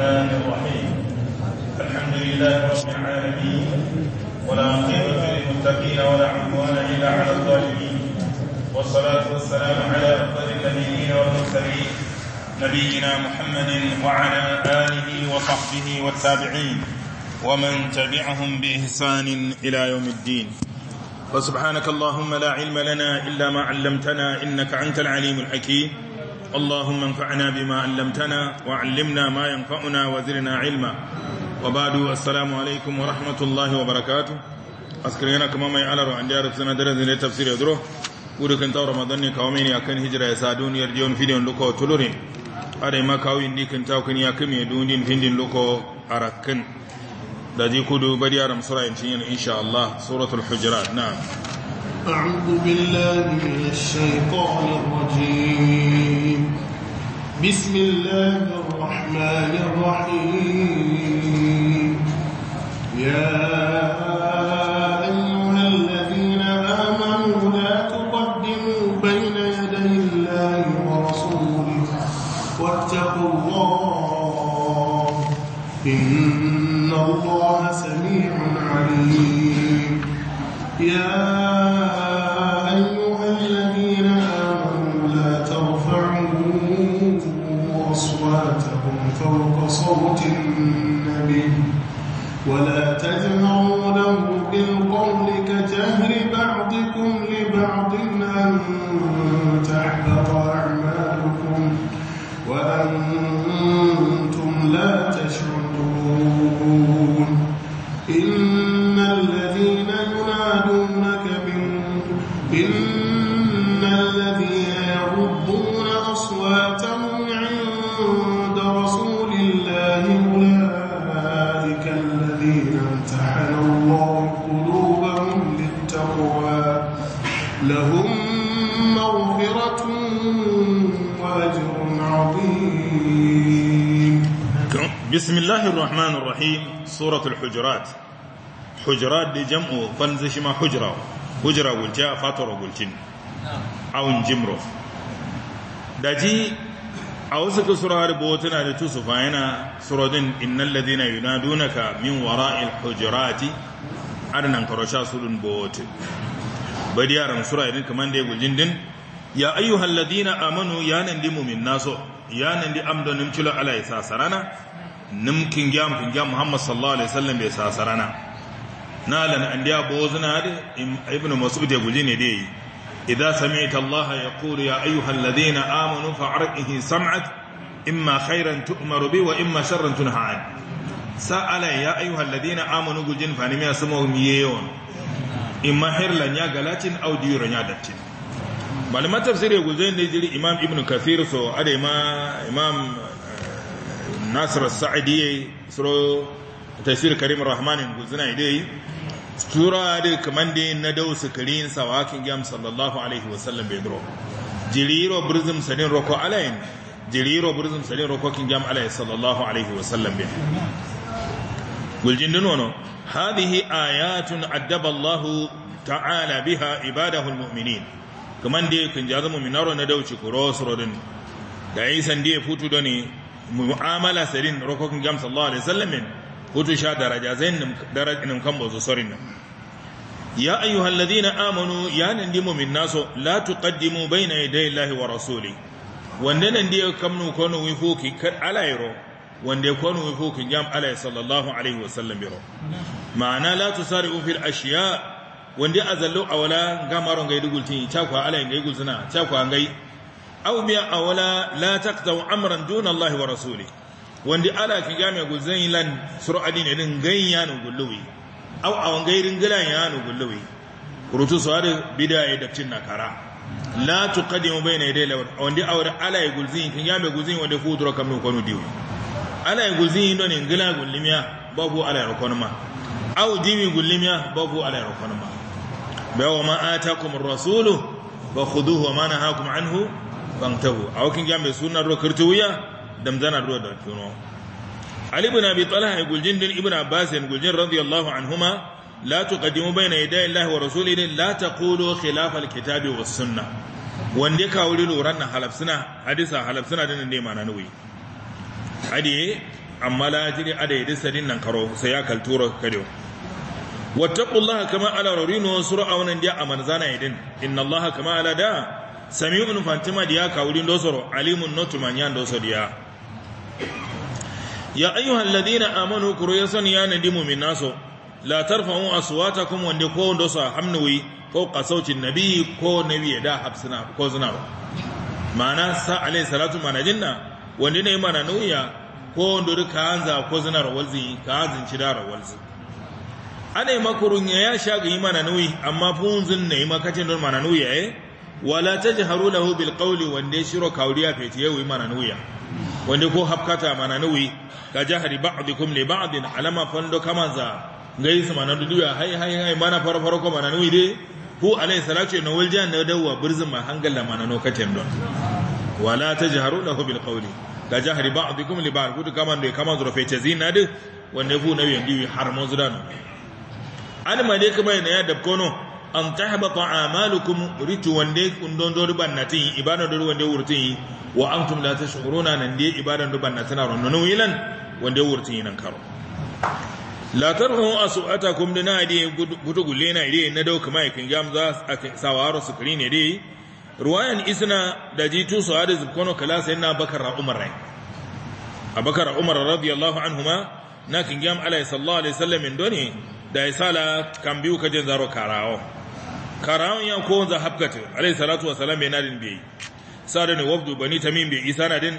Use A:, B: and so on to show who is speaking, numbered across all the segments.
A: الرحمن الرحيم الحمد لله رب العالمين ولا عقبة للمتقين ولا عدوان إلا على الظالمين والصلاة والسلام على أفضل النبيين والمرسلين نبينا محمد وعلى
B: آله وصحبه والتابعين ومن تبعهم بإحسان إلى يوم الدين وسبحانك اللهم لا علم لنا إلا ما علمتنا إنك أنت العليم الحكيم اللهم انفعنا بما علمتنا وعلمنا ما ينفعنا وزرنا علما وبعد السلام عليكم ورحمة الله وبركاته أذكرنا كما ما يعلر عن ديار سنة درزين تفسير يدرو ودكن تو رمضان كومين يكن هجرة يسادون يرجون في دين لكو تلورين أري ما كاوين دي كن تاوكن يكم يدون دين في دين لكو أركن دجي كدو بديار مصرين إن شاء الله سورة الحجرات نعم
A: أعوذ بالله من الشيطان الرجيم بسم الله الرحمن الرحيم يا أيها الذين آمنوا لا تقدموا بين يدي الله ورسوله واتقوا الله Voilà.
B: bismillahir rahmanir rahim suratul hujurat hujurat da jam'u fanzu shi ma hujra hujra gulja fatara gulcin awun jimro da ji a wasu kusura rubutuna da tusufa yana surodin innal ladina yunadunaka min wara'il hujurati arnan karosha sulun bote bari kaman da din ya ayyuhal amanu ya nan di mumin cilo sarana nimkin gyan kun muhammad sallallahu alaihi wasallam bai sasarana nalan an bo bozuna da ibnu mas'ud de guji ne dai idza sami'ta allah yaqulu ya ayyuhal ladina amanu fa'arqihi sam'at imma khairan tu'maru bi wa imma sharran tunha an sa'ala ya ayyuhal ladina amanu gujin fa nimiya sumo miyeon imma hirlan ya galatin aw diran ya dattin malamat tafsir gujin ne jiri imam ibnu kathir so ade ma imam nasir sa'idi suro tafsir karim rahmanin guzuna dai sura da kamande na dausu karin sawakin gam sallallahu alaihi wasallam bedro jiriro burzum sanin roko alayin jiriro burzum sanin roko kin gam alaihi sallallahu alaihi wasallam be guljin nono hadhihi ayatun addaba allah ta'ala biha ibadahu almu'minin kamande kin jazamu minaro na dauci kurosrodin da yi sande futu doni mu'amala sarin rokokin gam sallallahu alaihi wasallam hutu sha daraja zain darajin kan bozo sorin ya ayyuhal ladina amanu ya nan di mu'min naso la tuqaddimu bayna yaday llahi wa rasuli wanda nan di kamnu kono wi fuki alairo wanda kono wi fuki gam alai sallallahu alaihi wasallam biro ma'ana la tusari'u fil ashiya wanda azallu awala gamaron gaidugultin ta kwa alai gaidugultina ta kwa gaidugultina aw biya awla la taqta'u amran duna Allah wa rasuli wanda ala fi game gulzain lan sur'adin din ganyanu gulluwi aw awan gairin gilan yanu gulluwi rutu sawari bidaya da cin nakara la tuqaddimu bayna yaday lawan wanda awra ala guzain fi game guzain wanda fudura kamun kanu diwi ala guzain don ngila gullimiya babu ala rukunma aw dimi gullimiya babu ala rukunma bayawa ma atakum ar-rasulu fa khudhuhu wa ma nahakum anhu bangtabu a wakin gambe suna ruwa kirti wuya damzana ruwa da tuno ali ibn abi talha guljin din ibn abbas guljin radiyallahu anhuma la tuqaddimu bayna yaday allah wa rasulihi la taqulu khilaf alkitabi wa sunnah wanda ka wuri loran nan halafsuna hadisa halafsuna din ne ma na nuwi hadi amma la jiri ada yadisa din nan karo sai ya kaltura kado wattaqullaha kama ala rarino sur'a wannan dia amanzana yadin inna allaha kama ala da sami'un fantima diya kawurin dosoro alimun notu manyan doso diya ya ayyuhal ladina amanu kuro ya sani ya nadimu min naso la tarfa'u aswatakum wanda ko dosa hamnuwi ko kasaucin nabi ko nabi da hafsina ko zina Mana sa alai salatu mana jinna wanda ne mana nuya ko ndori ka hanza ko zina rawalzi ka hanzin ci da rawalzi ana yi makurun ya sha ga yi mana nuyi amma funzin na yi makacin don mana nuya eh wala ta lahu bil wanda wande shiro kauriya fete yawi mana nuya wanda ko hafkata mana nuwi ka jahri ne li ba'din alama fando kamanza su mana duduwa hai hai hai mana farfaro ko mana nuwi de hu alayhi salatu na waljan na dawwa birzin ma hangalla mana no katem don wala tajharulahu bil qawli ka jahri ba'dikum li ba'd kudu kaman de kama zuro fete zina de wande fu nabi yandi har mozdan an malik mai na ya dabkono an tahbata a'malukum ritu wande kundon do ruban natin ibada ya wurtun yi wa ta la tashuruna nan ya ibanar do ban natana ronnon wilan wurtun yi nan karo la kuma da na dai gudu gule na dauka mai kin gamza su sukri ne dai ruwayan isna da jitu su'ad zubkono kalasa yana bakar umar rai abakar umar radiyallahu anhuma na kin gam alayhi sallallahu alaihi wasallam indoni da isala kan biyu kaje zaro karawo karawan ya ko wanza hafkatu alayhi salatu wa salam yana din bai da ne wabdu bani tamim bai isa na din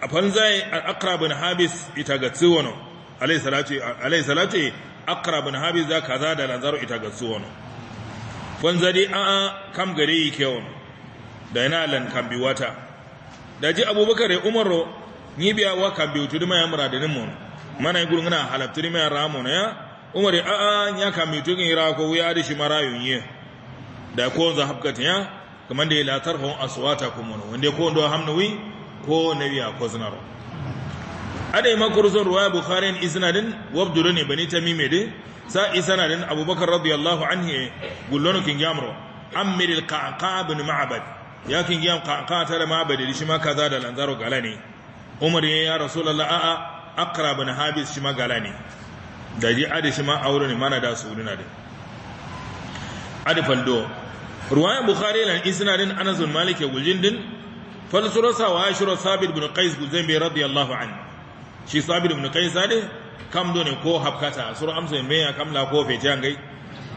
B: a fanzai a aqra habis ita ga tsiwono alayhi salatu alayhi salatu aqra bin habis za kaza da lanzaro ita ga tsiwono fanzari a kam gare yake kewon da yana lan kan bi wata da ji abubakar ya umaro ni biya wa kan bi wutu ya mura da nimu mana yi gurguna dima mai ramu na ya umar a a ya kan bi tugin yi rako wuya da shi marayun yi da ko za kamar da ya latar hon aswata kuma wanda ko na hamnawi ko nabi a koznar ada ma kurzon ruwaya bukhari in isnadin wabdulu ne bani mime da sa izinadin abubakar radiyallahu anhu gullonu kin gamro an al ka'aka ibn ma'abad ya kin gyam ka'aka ta da da shi ma kaza da lanzaro gala ne umar ya rasu a'a aqra ibn habis shi gala ne da ji shi aure ne mana da su na ruwayan bukhari lan isnadin anas bin malik ya guljindin falsurasa wa ashura sabit bin qais guzambi radiyallahu an shi sabit bin qais sade kam do ne ko habkata sura amsa me ya kamla ko fe gai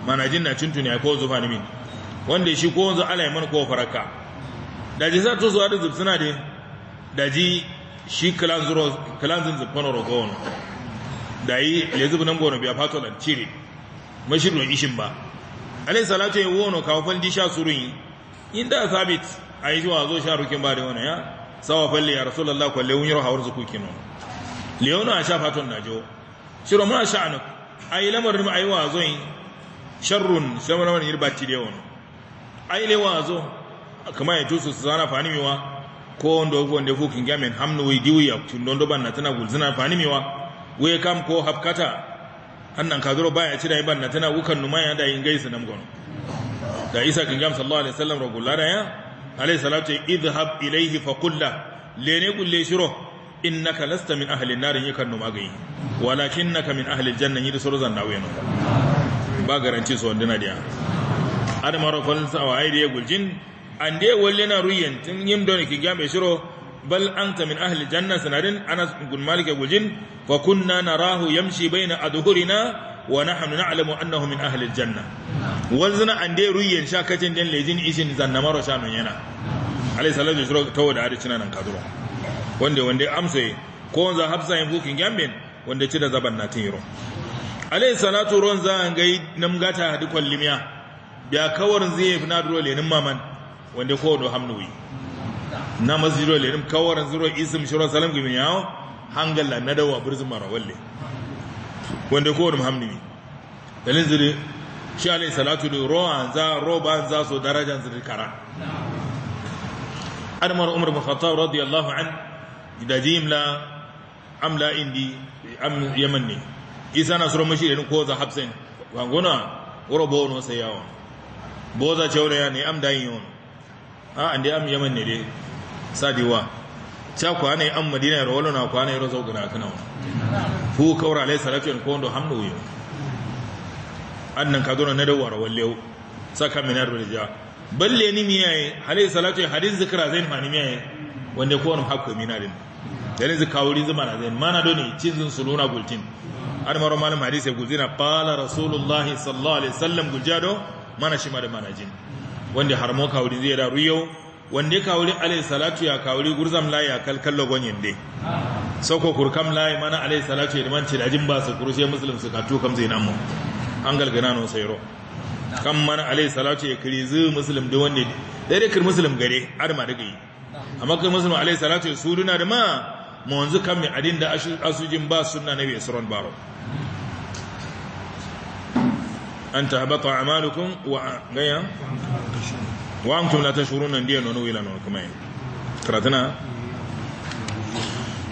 B: manajin na cintu ne ko zufani min wanda shi ko wanzu ala yaman ko faraka daji sa to zuwa da zubsuna de daji shi clan zuro clan zin zubfano rogon lezu nan gono biya fatolan cire mashirin ishin ba alayhi salatu ya no ka faldi sha surun inda sabit ayi zuwa zo sha rukin ba da wannan ya sawa falli ya rasulullah kwalle un yaro hawar zuku kino leono a sha faton najo shiro ma sha'anu ayi lamar ma ayi wa zo yin sharrun lamar lamarin yirbati da yawan ayi le wa zo kama ya tusu su zana fanimiwa ko ndo ko ndo fukin gamen hamnu wi diwi ya tundo ndo na tana gulzina fanimiwa we kam ko hafkata annan kagaro baya ci da iban na tana wukan numaya da yin gaisu nam gono da isa kin gam sallallahu alaihi wasallam ragulla da ya alaihi salatu idhab ilayhi fa qulla lene kulle shiro innaka lasta min ahli an-nar yakan numa gai walakinnaka min ahli al-janna yi suru zan na yana ba garanti so wanda na dia adamaro fal sawa da gulcin an dai walle na ruyen yin don ki game shiro bal anta min ahli janna sanarin anas ibn malik gujin fa kunna narahu yamshi bayna adhurina wa nahnu na'lamu annahu min ahli janna walzana ande ruyen shakacin den lejin isin zanna maro sha men yana alayhi salatu wasallam tawo da hadisi nan kaduro wanda wanda amsa ko wanda hafsa yin bukin gambin wanda ci da zaban na tiro alai salatu ron za nam namgata hadi kwallimiya biya kawarin zai fi na duro lenin maman wanda ko do hamnuwi nama ziro lenim kawarin ziro isim shiro salam gimi yawon hangalla na dawa birzin mara walle wanda kowar muhammadu ne dalin ziri shi alai salatu da rohan za roban za su darajan ziri kara adamar umar mukhattab radiyallahu an da jimla amla indi am yaman ne isa na suron mashi irin koza za hafsin wanguna wuro bono sai yawon boza cewa ne am dayin yawon a an dai am yaman ne dai sadiwa cha kwane an madina ro wala na kwane ya zauga na kana Fu kawra lai Salatu ko ndo hamdu yo annan ka dona na dawara walle saka minar rija balle ni miyaye halai salatu hadin zikra zain ma ni miyaye wanda ko wani hakko na din dare zikawuri zuma na zain mana doni cizin suluna gultin an maro malam hadisi guzina qala rasulullah sallallahu alaihi wasallam gujado mana shi da mana jin wanda har mo kawuri zai da ruyo wanda kawuri alai salatu ya kawuri gurzam la ya kalkallo gwanyin dai sauko kurkam lai mana alai salatu ya dimanci da jin ba su kurushe musulun su katu kam zai namu an galgana no sairo kan mana alai salatu ya kiri zu musulun da wanda daidai kir musulun gare har ma daga yi amma kir musulun alai salatu ya su duna da ma mu wanzu kan mai adin da jin ba sunna na bai suron baro an ta amalukum wa gaya wa antum la tashuruna ndiyo nono ila nono kama hiyo karatana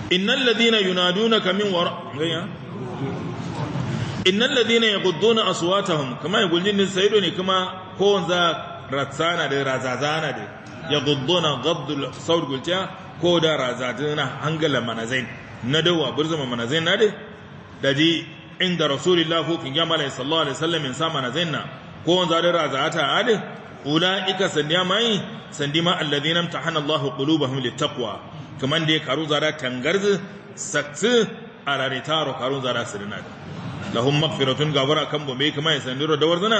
B: innal ladhina yunadunaka min wara ngaya innal ladhina yaghudduna aswatahum kama yagul jin saido ne kuma ko wanza ratsana da razazana da yaghudduna ghadd sawd gulta ko da razaduna hangala manazain na dawa burzama manazain na da daji inda rasulullah ko kin ya malai sallallahu alaihi wasallam in sa manazain na ko wanza da razata ade ulaika sandiya mai sandima alladhina imtahana Allah qulubahum littaqwa kaman da karu zara tangarz sakti arare taro karu zara sirna lahum maghfiratun gabara kan bombe kaman sandiro da warzana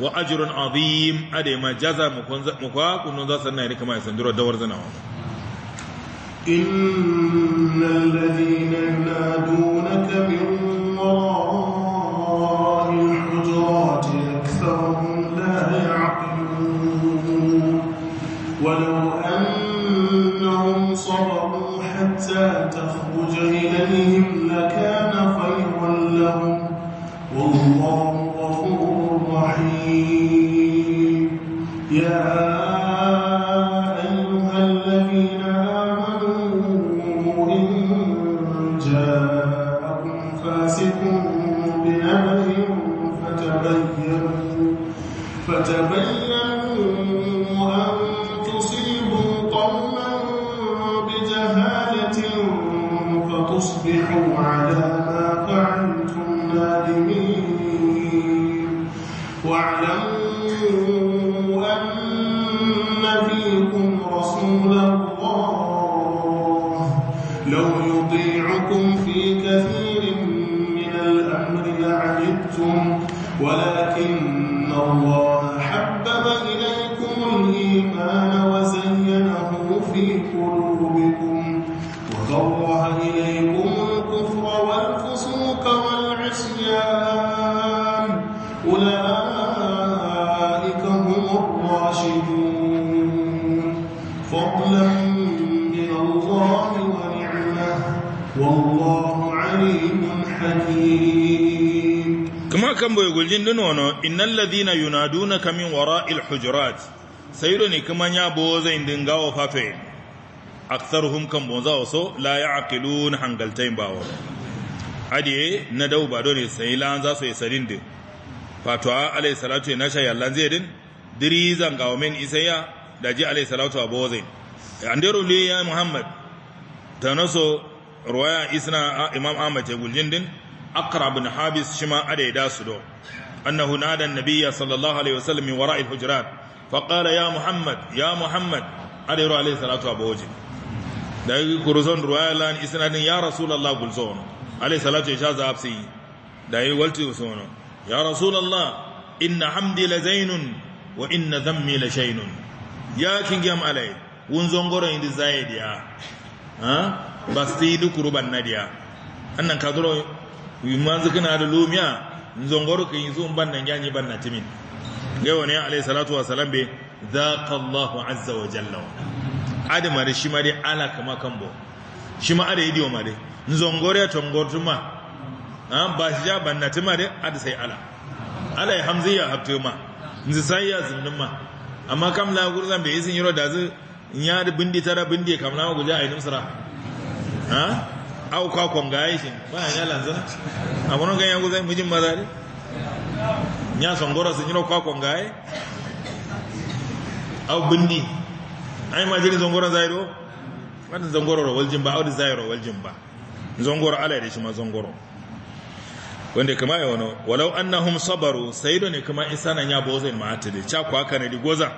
B: wa ajrun azim ade ma jaza mu kwa kunun za sanna ne kaman sandiro da warzana
A: إن الذين ينادونك من وراء الحجرات أكثرهم لا يعقلون ولو أنهم صبروا حتى تخرج إليهم لكان خيرا لهم والله غفور رحيم يا تصبحوا على ما فعلتم نادمين واعلموا أن فيكم رسول الله لو يطيع
B: boy guljin dun wono innal ladina kamin wara il hujurat sayro ne kuma ya bo zai dinga wa fafe aktharuhum kan bon za so la na hangaltain ba wa adiye na dau ba dole sai lan za su yi e sarin din Fatuwa alai salatu e na shayar Allah zai din diri zan min men isaya da ji alai salatu bo zai. E, andero le ya muhammad naso ruwaya isna imam ahmad ya guljin din akra bin habis shi ma adaida su do annahu nada annabiyya sallallahu alaihi wasallam min wara'i al-hujurat fa qala ya muhammad ya muhammad adairu alaihi salatu abu waje da yi kuruzon ruwaya lan isnadin ya rasulullah gulzon alaihi salatu ya za da yi walti usono ya rasulullah inna hamdi la zainun wa inna dhammi la shaynun ya kingam alai wun zongoro indi ya ha basti du kuruban nadiya annan kaduro man zikna da lumiya zongoro kan yi zuwan bannan yanyi na timin gaiwa ne alayhi salatu wa salam be ka Allah azza wa jalla adama da shi ma dai ala kama kambo shi ma ada idiyo ma dai zongore tongortuma an ba shi ja na tima dai ada sai ala ala ya hamziya haftuma nzi sai ya zinduma amma kam la gurza be izin yiro da zu nya da bindi tara bindi kam na guja yi sara ha au kwa shi ba ya lanzana amono ga yangu zai mujin madari nya gora sun yino kwa kongaye au bindi ai ma jini zongora zairo wannan zongoro ro waljin ba au da zairo waljin ba zongoro ala da shi ma zongoro wanda kama ya wano walau annahum sabaru saido ne kama isana nya bozai ma da cha kwa kana di goza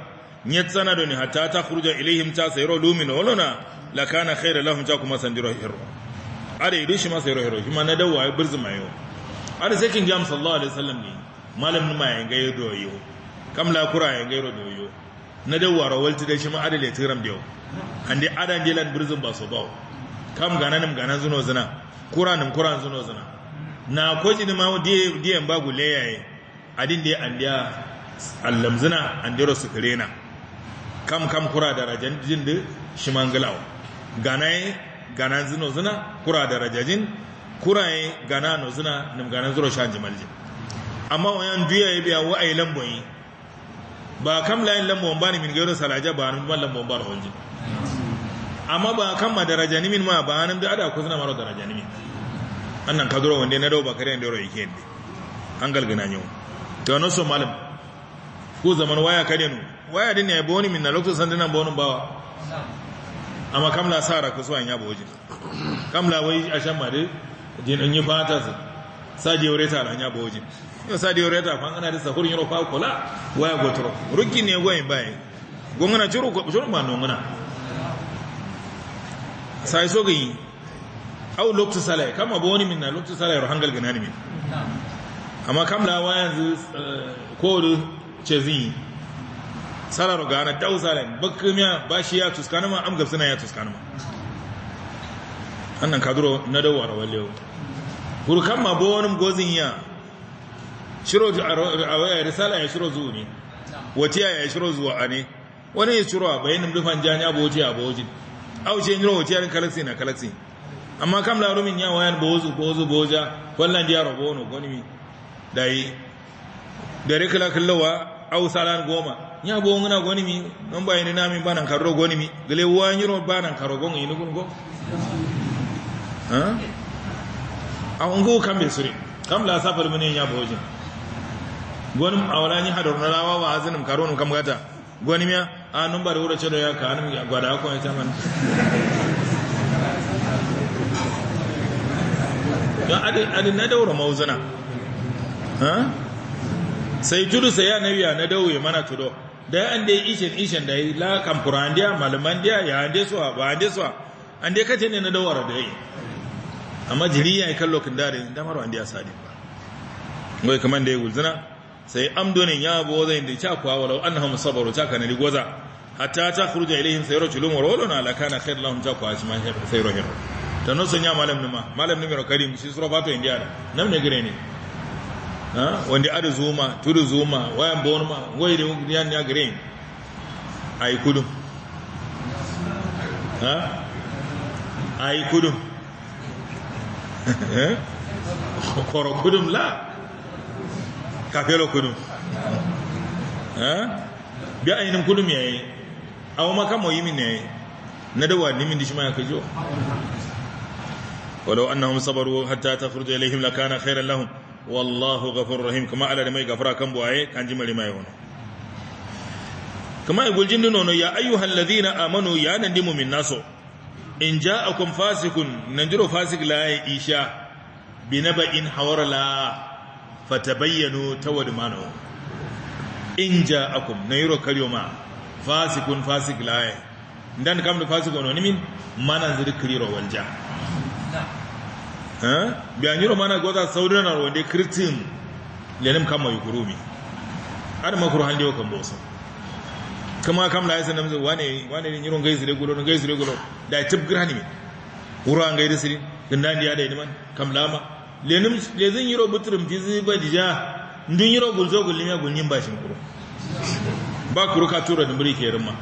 B: nyet tsana do ni hatta ta khuruja ilaihim ta sayro lumin olona lakana khaira lahum ta kuma sandiro hirro ada yaro sai shi ma na dawa ya birzi mayo ada sai kin jam sallallahu alaihi wasallam ne malam ma ya gaya doyo kam la kura ya gayo doyo na dawa rawalti da shima ada le tiram dewo ande adan jelan birzin ba so bau kam nim gana zuno zina nim kura zuno zina na koji ni ma die an mbagu allam adin an andiya su andero na kam kam kura da darajan jinde shimangalaw ganaye gana zino zina kura da rajajin kuraye gana no zina nim gana zuro sha jimalje amma wayan duya ya biya wa ai lambon ba kam layin lambon ba ni min gero salaja ba nan ban lambon ba na amma ba kam ma daraja ni min ma ba nan da ada ku zina maro daraja ni min annan duro wande na dau ba kare ndoro yake ne an galgana yau to no so malam ku zaman waya kare nu waya din ne ya boni min na lokacin sandinan bonin bawa amma kam la sara ku suwan yabo waje kam la wai a shan mare jin an yi fata su wure ta la yabo waje yo wure ta fa ana da sahur yoro fa kula waya gotoro ruki ne goyin baye gungana juro ko juro ma nongana sai so gi au loktu sala kama boni wani minna loktu sala ro hangal ganani min amma kam la yanzu eh, ko ce zin salaru gana dau salan bakkumiya shi ya ma am gabsana ya ma. annan kaduro na dawo rawalle hurkan ma bowanin gozin ya shiro a risala ya shiro zuwa ne wace ya shiro zuwa a ne wani ya shiro a bayanin dufan jani abu wace abu wace aushe yin rawace yarin kalasi na kalasi amma kam larumin ya wayan bozu bozu boja wallan ya rabo wani goni da yi da rikila kallawa aw salan goma nya bo ngana goni mi non ba ni nami banan karro goni mi gele wani nyiro banan karro gon ina gon go ha aw ngo kambe suri kam la safar mun nya boje goni awrani hador na rawa wa azinum karon kam gata goni mi a non ba wuro cedo ya kanum ya gwada ko ita taman ya adi adi na daura mauzana ha sai tudu sai ya nabi na dawo ya mana tudo da an dai ishin ishin da la kan dia malaman dia ya ande suwa ba ande suwa an dai kace ne na dawar da yi amma jiri ya kallo kin dare da maro an dia sadi wai kaman dai ya gulzina sai amdonin ya bo zai da cha kwa walau annahum sabaru cha kana goza hatta ta khuruja ilaihim sayru julum wa rawlun ala kana khair lahum cha kwa asma sayru hir tanosun ya malam nima malam nima karim shi suro bato indiya nam ne gire ne wanda ada zoma tudu zoma wayan ma wai da yan ya a ai eh? kudu ha ai kudu koro kudu la kafelo kudu ha bi ainin kudu me yayi awu maka min ne na wani nimin dishi ma kajo ولو أنهم صبروا حتى تخرج إليهم لكان خيرا لهم wallahu ghafurur rahim kuma ala da mai gafara kan buwaye kan ji mari mai wono kuma ai guljin nono ya ayyuhal Ladina amanu ya nandimu min naso in ja'akum fasikun nanjiro fasik la isha binaba'in hawara la fatabayyanu mana. in ja'akum nayro ma fasikun fasik la ndan kam da fasikun wani min mana zikri ro walja biyaniro mana goza saudinar wanda kirtin lenim kama yukurumi ada makuru hande wa kambo so kama kam la yasa namzo wane wane ni nyiron gaisi de gulo gaisi da gulo da tib grani mi wuro an ne sirin dindan diya da man kam lama lenim lezin yiro butrum zai ba dija ndun yiro gulzo gulinya ba shi kuro ba kuro ka tura da muri ke rimma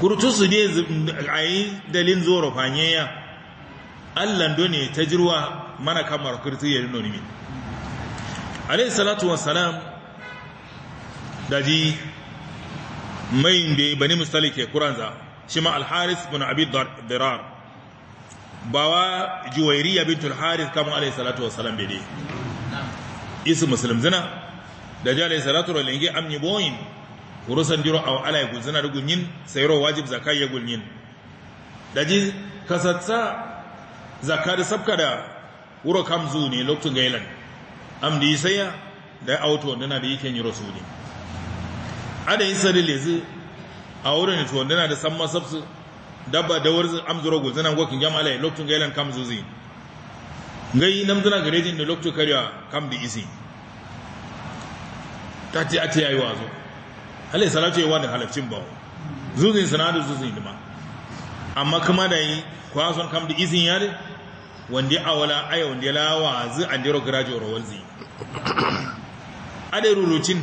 B: kurtu ne ne yi dalin zoro ya. allan doni ta jirwa mana kamar kirti ya rino nimi alayhi salatu da daji mai ya bani misali ke kuranza shi ma alharis bin abi dirar bawa ya bin tulharis kama alayhi salatu bai bede isu musulun zina da ji alayhi salatu lingi amni boyin kurusan jiro a alayhi gulzina da gunyin sayarwa wajib zakai ya gunyin daji kasatsa zakari sabka da wuro kamzu ne lokacin gailan amdi isaya da auto dana da yake ni rasuli ada yin sari lezi a wurin to dana da samma sabsu dabba da wurin amzuro go zanan gokin jama'ala lokacin gailan kamzu zin ngai nam dana garejin da lokacin kariya kam da isi Tati ati ayi wazo halai salatu yayi wani halaccin bawo zuzin sanadu zuzin dima amma kuma da yi kwason kam da izin yare wanda awala aya wanda lawa zu andero graduate ro wanzi Adai rurucin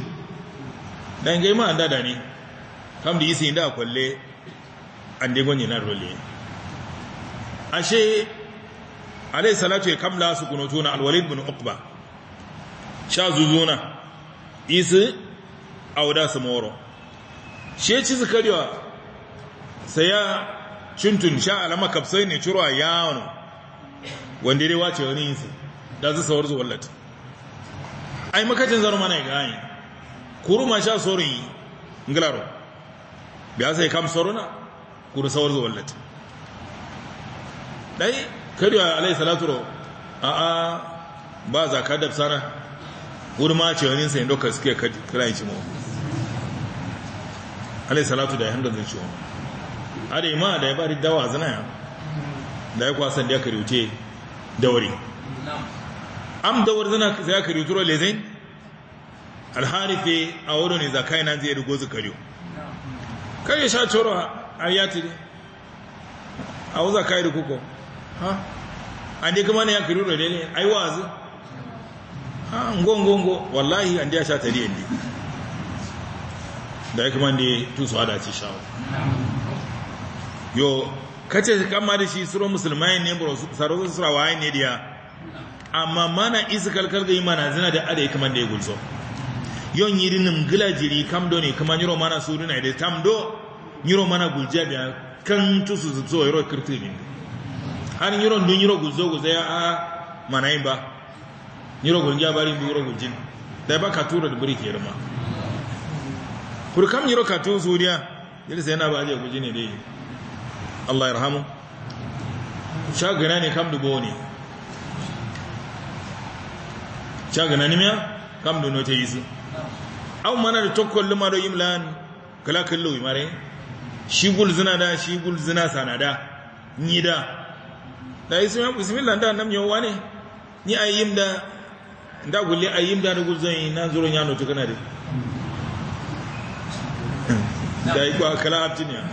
B: dan gai ma anda ne kam da isi inda kwalle ande gwanye na role ashe alayhi salatu ya e kamla su kunutuna alwalid bin uqba sha zuzuna isi su samoro she ci sai ya cintun sha alama kapsai ne a yawon wanda dai wace wani yin da zai sauwar zuwa lati ai makacin zaro mana ya gani kuru ma sha soro yi ngilaro biya sai kam soro na kuru sauwar zuwa lati dai kariya alai salaturo a a ba za ka dab sana wani ma ce wani sai doka suke kira yin cimo alai salatu da ya hannun zai ciwo a da ma da ya bari dawa zina ya da ya kwasan da ya karyoce dawari am dawar zana za ka rito role zai alharife a wurin ne za ka yi na zai rigo zu kariyo sha coro a yati ne a wuza ka yi rikuko ha an dai kuma na ya kariyo role ne ai wazi ha ngongongo wallahi an dai sha tari yadda da ya kuma ne tun su hada ci shawo yo kace kamma da shi suro musulmai ne bro saro sura waye ne diya amma mana iskal kal da imana zina da ade kaman da gulso yon yirinim gila jiri do ne kuma yiro mana suru ne da tamdo yiro mana gulja bi kan tusu zo yoro kirti bi har niro dun yiro gulzo gulzo ya a ah, mana imba ba yiro bari bi yiro guljin da ba ka tura da buri ke kur kam yiro ka tu suriya yadda sai na ba je gulji ne dai Allah ya rahamu shagana ne kam dubo ne shagana ne miya kam dubo ta yi su an mana da tokkon lima da imlan kalakin lauyi mare shi zina da shi gulzina sanada ni da da yi sun yi bismillah da nam yawa ne ni a yi da da gulle a yi da da gulzon yi na zuron yano ta kana da da yi kwa kala abtiniya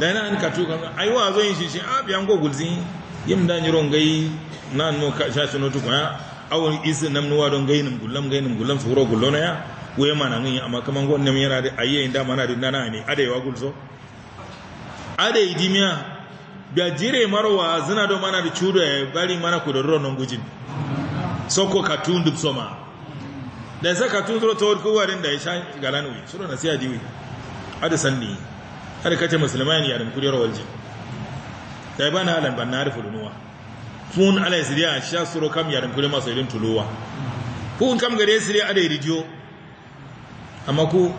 B: dana an katu kan aiwa zo yin shi shi a ah, biyan go gulzin yim da ni rongai nan no ka shashi no tukwa awon isin nam no wadon gainin gullam gainin gullam furo gullona ya waye mana ngi amma kaman gonne mi yara da ayye inda mana da nana ne wa gulzo adai dimiya biya jire marwa zina do mana da chudo ya bari mana ku da ronon gujin soko katun duk soma da sa katun zuro tawar kowa da ya sha galanu suro nasiya diwi ada sanni har kace musulmani ya rumkuri rawalji dai bana alan ban narifu dunuwa fun ala siriya sha suro kam ya rumkuri masu irin tuluwa fun kam gare siriya ada ridiyo amma ku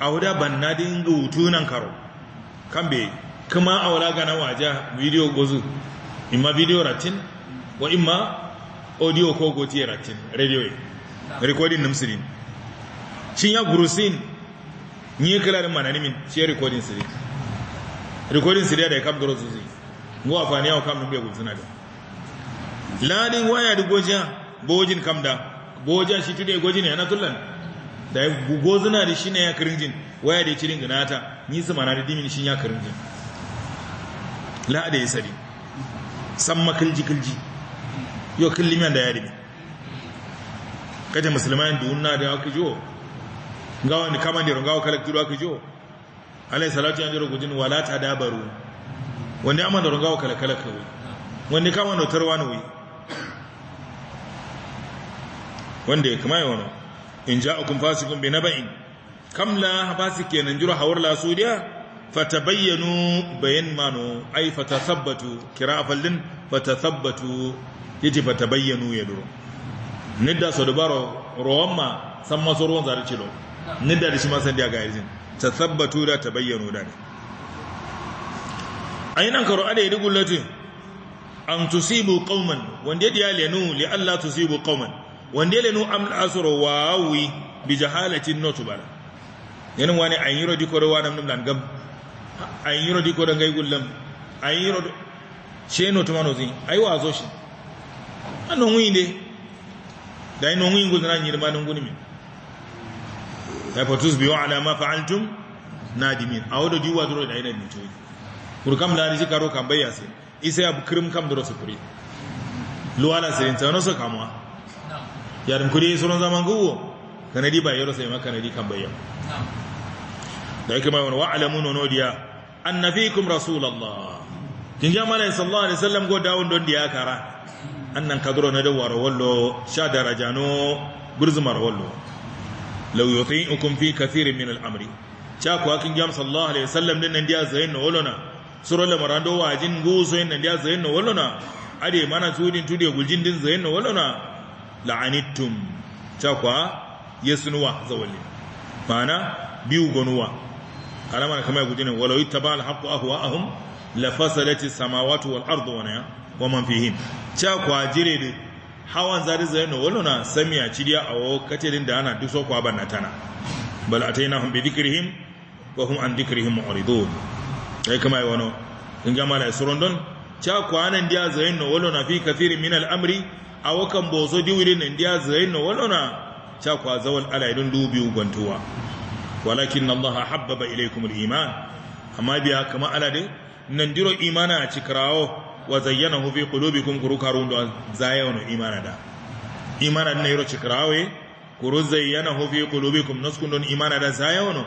B: a huda ban nadin gutunan karo kan be kuma a wala gana waja video gozu imma video ratin wa imma audio ko gotiye ratin radio e. recording namsirin shin ya gurusin ni kalarin manani min ce recording sire recording sire da kam doro zuzi ngo afani yawo kam be guzina da ladin waya da gojiya bojin kam da boja shi tude gojin yana tullan da gozina da shi ne ya jin, waya da cirin ganata ni su manani dimin shi ya kirinjin la da ya sari san makilji kilji yo killiman da ya dimi kaje musulman da unna da gawa ni kama ndiro ngawa kala kitu wake jo alai salatu ya ndiro gudin wala ta dabaru. wani ama ndiro ngawa kala kala kawi wani kama ndo tarwani wi wanda ya kama yawano in ja'akum fasiqun bi naba'in kam la habasi kenan jiro hawar la sudiya fatabayyanu bayan mano ai fatathabbatu kira fallin fatathabbatu yiti fatabayyanu yadro nidda so dabaro roma san maso ruwan zare cilo ni da shi ma san da ga ta tathabbatu da bayyano da ne An karo ada yidi gullatu an tusibu qauman wanda ya lenu li alla tusibu qauman wanda lenu am asru wi bi jahalatin notubala yana wani an yiro dikoro wa wani nan gab an yiro dikoro ngai gullam an yiro she no tumano zin ai wa zo shi anon wuyi ne dai non wi ngul nan yirma nan guni ya fatus biyo ala ma fa'altum nadimin awodo diwa duro da ina ni toyi kur kam da ni ji karo kan bayya sai isa ya bukrim kam duro sufuri luwala sai ta no so kamwa ya dum kuri zaman guwo kanadi ba yaro sai maka kanadi kan bayya da yake mai wa alamuna no diya anna fikum rasulallah. kin ja malai sallallahu alaihi wasallam go dawon don diya kara An annan kadro na dawar wallo sha daraja darajano gurzumar wallo law yuti'ukum fi kathirin min al-amri cha ko akin jam sallallahu alaihi wasallam din nan dia zayin na wolona sura la marando jin guso din nan dia zayin na wolona ade mana tudin tude guljin din zayin na wolona la'anittum cha ya yasnuwa zawali mana biu gonuwa alama kama ya gujin walau ittaba al-haqqu ahwa'ahum la fasadati as-samawati wal ardu wa man fihim cha ko ajire hawan zari zai no sami a cidiya awo katelin da ana duso kwa ban natana bal atainahum bi dikirihim ko hun an dhikrihim mu'ridun ai kama yi wano. in gama da don cha kwanan diya zai no walona fi kafirin min al'amri, a wakan bozo diwirin diya zai no walona Ca kwa zawal ala dubi gwantowa walakin Allah habbaba ilai kuma iman amma biya kama ala nan diro imana a cikarawo wa zayyanahu fi qulubikum kuruka rundo zayono da imana ne ro chikrawe kuru zayyanahu fi qulubikum imana da zayono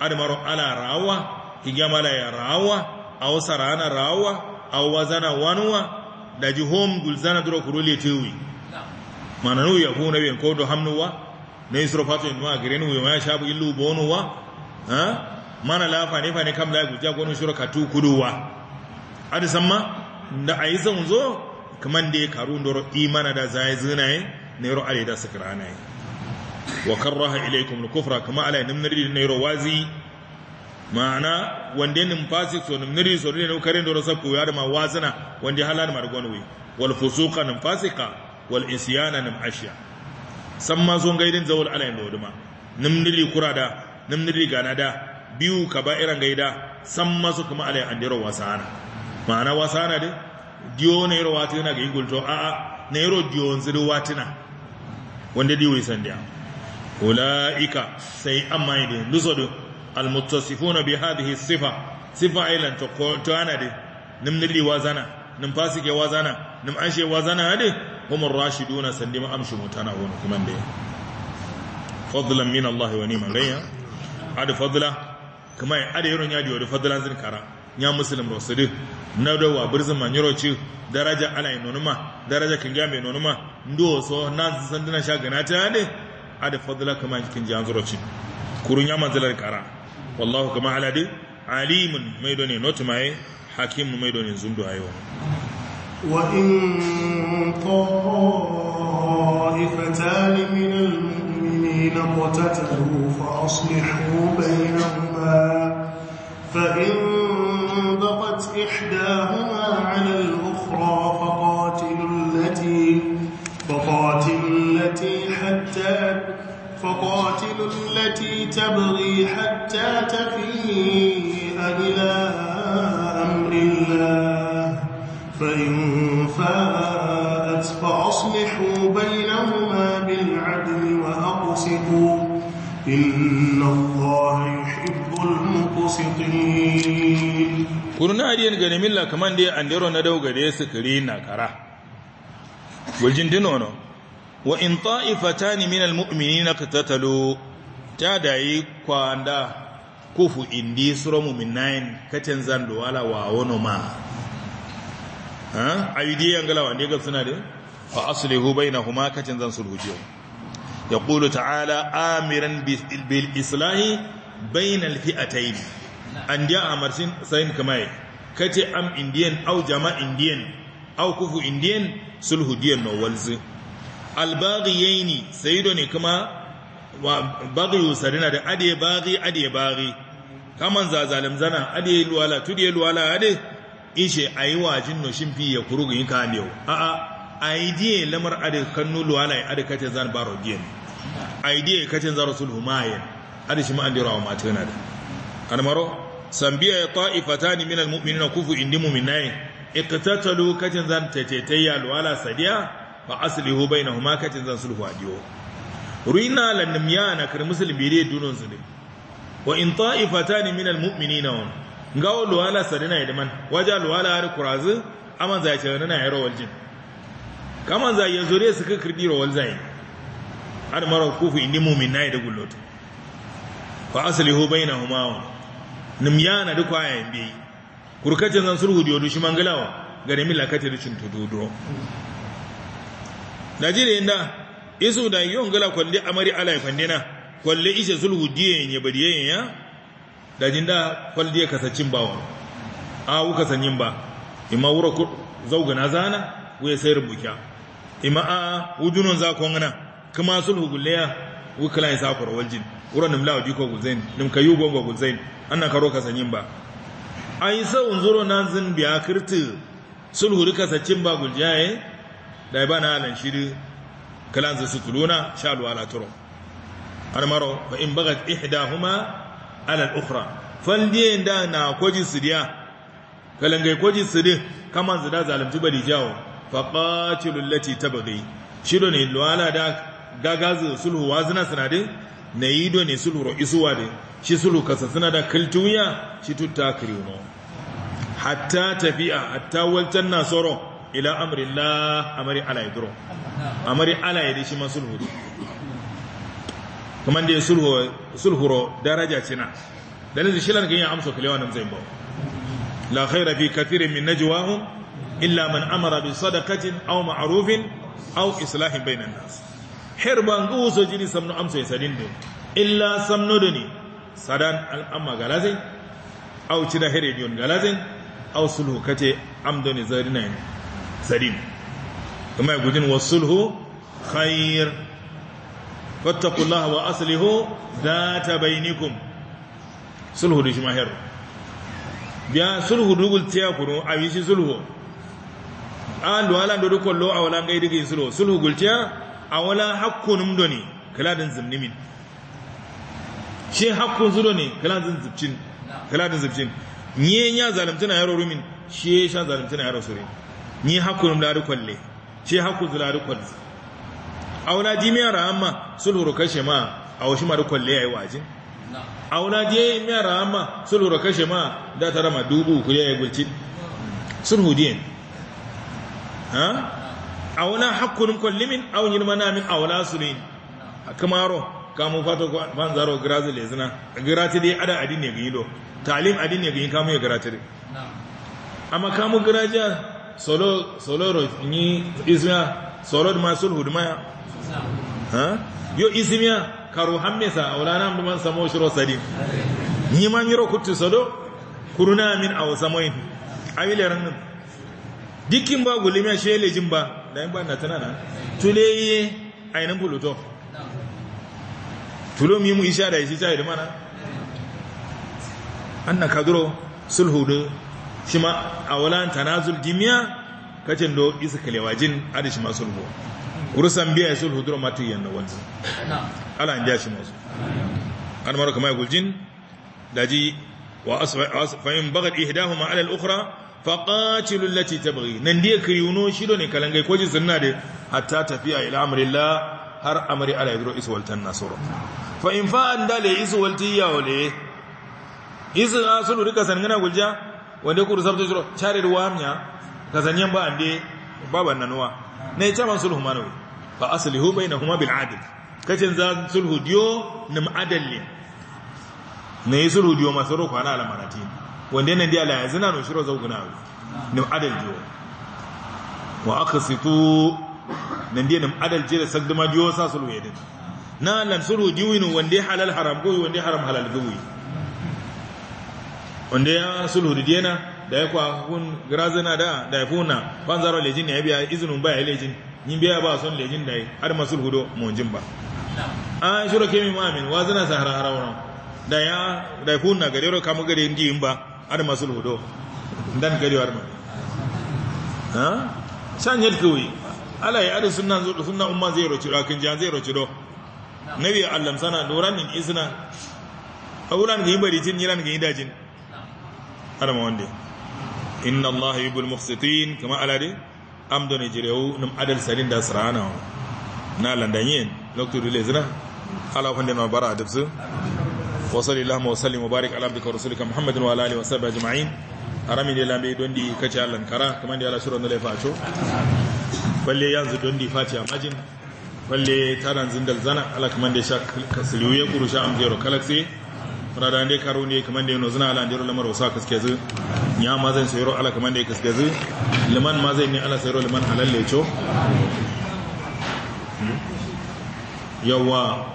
B: admaro ala rawa higamala ya rawa aw sarana rawa aw wazana wanwa da hom gulzana duro kurule tewi mananu ya huna ben kodo hamnuwa ne isro fatu inwa girenu yo ma shabu illu bonuwa ha mana la fa ne fa ne kam la guja gonu shuro katu kuduwa adi samma da a yi zan zo kamar da ya karu da imana da zai zina yi na yi ale da sakirana yi wa karraha ilaikum kufra kama ala yi nimniri na yi wazi ma'ana wanda numfasi so nimniri so na nukarin da sabku koya da ma wazina wanda ya hala halar margonwe wal fusuka fusuqa numfasika wal isyana ashiya san ma son gaidin zawul ala yi lauduma yin doduma nimniri kurada gana da biyu ka ba irin gaida san ma su kuma ala yin andiro wasana ma'ana wasana dai diyo na yaro watina ga igulto a a na yaro diyo nziru watina wanda diyo yi sandiya ula'ika sai ma'a yi de na biya haɗe his sifa sifa island to ana dai nim nili wazana nim fasike wazana nim anshe wazana de humur rashiduna sandima amshi mutana wani kuma da fadlan min Allah wa ni'mal ghayya ad kuma ya ad yaron ya diyo da fadlan zin kara nya musulun rosidi na do wa birzin ma ci daraja ala inonuma daraja kinga me inonuma ndo so na san sha gana ta ne da fadla kama jikin ji anzuro ci kurun ya manzalar kara wallahu kama aladi alimun mai doni notumaye mai hakimun mai doni zumdu ayo
A: wa فإن إحداهما على الأخرى فقاتل التي فقاتل التي حتى فقاتل التي تبغي حتى تفيء إلى أمر الله فإن فاءت فأصلحوا بينهما بالعدل وأقسطوا إن الله يحب المقسطين
B: kurna adiyan gane milla kaman da andero na dauga gade su kiri na kara waljin dinono wa in ta'ifatan min na qatatalu ta dayi kwanda kufu indi sura mu'minain kacen zando wala wa wono ma ha ayidi yangala wande ga suna da fa aslihu bainahuma katin zan sulhujiyo yaqulu ta'ala amiran bil islahi bainal fi'atayn andiya a marsin sayin kamaye kace am indian au jama'a indian au kufu indian sulhu diyan no walzi albaghiyaini sayido ne kuma wa baghiyu sarina da ade baghi ade baghi kaman zalim zana ade luwala tudiye luwala ade ishe ayi wajin no shimfi ya kurugu yin kan yau a a aidiye lamar ade kannu luwala ya ade kace zan baro diyan aidiye kace zan rasul humayen ade shi ma an dira wa matana da almaro sambiya ya ni minal mu'minina kufu indi mu'minai iqtatalu katin zan tatetayya alwala sadiya fa aslihu bainahuma katin zan sulhu adiyo ruina lan na kar muslim bire dunun zulim wa in ta'ifatan min almu'minina ngawo luwala sarina idman waja luwala har kurazu aman zai cewa na yaro waljin kaman zai yanzu zure su kirdi ro walzai har mara kufu indi mu'minai da asali fa aslihu bainahuma nimyana duk waya yin biyi kurkacin zan sulhu diyo dushi mangalawa gare mila lakati da cin da najiri inda isu da yon gala kwalli amari ala fandina kwalli ishe sulhu diye ne bariye ya da jinda kwalli ya kasacin bawa a wuka sanyin ba imma wura zauga na zana wuya sai rubuka imma a wudunun zakon gana kuma sulhu gulleya wukala ya sa kwarwal jin wuran nimlawa diko guzain nimkayu gongo guzain annan karo kasanyin ba yi sa zuro nan zin biya kirti sulhuri kasacin ba guljaye eh? da ba na nan shiri kalan zai sutuluna sha alwala turo an maro ba in bagat ihdahuma huma alal ukhra faldiyen da na kwaji sidiya diya kalangai kwaji di kaman zida zalimci di jawo faɓaci lullaci lati tabghi shiro ne luwala da gagazu sulhu wazina sanade na yi ne sulhu ro isuwa de shi sulukasa suna da kaltuya shi tutta kirino hatta tafiya. hatta waltan nasoro tsoro ila la amari ala duro? amari ala yadi shi ma sulhu kuma da sulhu sulhuro daraja cina dalil shi lan ganya amso kalewa nan zai bau la khaira fi kafirin min najwahum illa man amara bi sadaqatin au ma'arufin, au islahin bainan nas herban guso jini samno amso sadin do illa samno doni sadan al'amma galazin au ci da herediyon galazin au sulhu kace amdoni ne sadin. kuma gudun wasulhu khair fattakullaha wa aslihu ta bainikum sulhu da shi mahir biya sulhu dugul tiya kunu a yi shi sulhu an duwala da dukkan lo a wala gaidi sulhu sulhu gultiya a wala hakkun mdoni kaladin zimnimin shi hakkun zuro ne kaladin zubcin kaladin zubcin ni ya na yaro rumin ya sha na yaro sure ni hakkun lari kwalle shi hakkun lari kwalle aula jimiya rahama ro kashe ma a washi mara kwalle yayi wajin aula je miya rahama ro kashe ma da ta rama dubu ku yayi gulci sulhu din ha aula hakkun kullimin aw yin manamin aula sulin kamaro kamu fato ban zaro grazi le zina grati dai ada adin ne ga yilo talim adin ne ga yin kamu ya grati dai amma kamu graja solo solo ro ni izna solo da sulhu hudma ha yo izmiya karu hamisa aulana mun ban samo shiro sadi ni man yiro kutu solo kuruna min aw samoin awile ran dikin ba gulimiya shele jimba dan ba na tana na tuleyi ainin buluto tulo mi mu isha da yi ta yi mana anna kadro sulhudu shi ma a walan tanazul dimiya kacin do isa kalewajin adishi ma sulhu urusan biya sulhu duro matu yanna wanzu ala an jashi masu an mara kama guljin daji wa asfayin bagat ihdahuma ala al-ukhra faƙacilu lati tabari nan da ya kiriuno shi ne kalangai ko kwaji sunna da hatta tafiya ila amurillah har amuri ala yadda isuwaltan nasoro fa in fa an dale isu walti ya wale isu na sulu rika sangana gulja wanda ku rusabta sulu charir wamya kazanyan ba ande baban nanuwa ne chaman sulhu manu fa aslihu bainahuma bil adl kacin za sulhu diyo nim adalli ne sulhu diyo masaro kwana alamarati wanda nan dia la yazina no shiro zauguna nim adal diyo wa aqsitu nan dia nim adal jira sagdama diyo sa sulhu yadin na lansuru diwinu wanda halal haram goyi wanda haram halal goyi wanda ya sulhu diyana da ya kwa hun grazana da da funa zaro lejin ne ya biya izinin ba ya lejin yin biya ba son lejin da har masul do monjin ba an shiro ke mi mamin wa zana sahara harawon da ya da funa gare ro kamu gare ndi yin ba har masul do, dan gare war ma ha san yadkuwi ala ya adu sunna sunna umma zai roci rakin jan zai roci do nabi allam sana doran nin isna awuran ga yibari tin yiran ga yidajin ana ma wande inna allah yubul muqsitin kama alade amdo ne jirewu num adal salin da sarana na yin. lokto dole zina ala wande na bara adabsu wa sallallahu wa sallim wa barik ala abdika rasulika muhammadin wa ala alihi wa sahbihi ajma'in arami ne lambe don di kace allan kara kuma da ala shirin da lafa cho balle yanzu don di fatiha majin balle taran zindal zana ala kaman da sha kasliu ya kuru sha am zero fara da ne karo ne kaman da yano zina ala ndiro lamar wasa zu ya ma zan sayro ala kaman da zu liman ma zai ne ala sayro liman alalle lecho yawa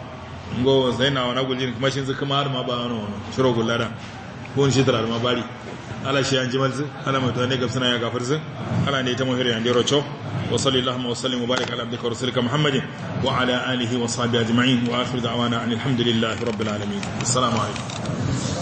B: ngo na wani guljin kuma shin zuka kuma har ma ba wani shiro gullada ko shi tarar ma bari ala shi an jimal zin ala mai tuwane gamsana ya gafar zin ala ne ta muhiri an dero co wa sallallahu wa sallim wa barik ala abdika rasulika muhammadin wa ala alihi wa sahbihi ajma'in wa akhir da'wana alhamdulillahi rabbil alamin assalamu alaikum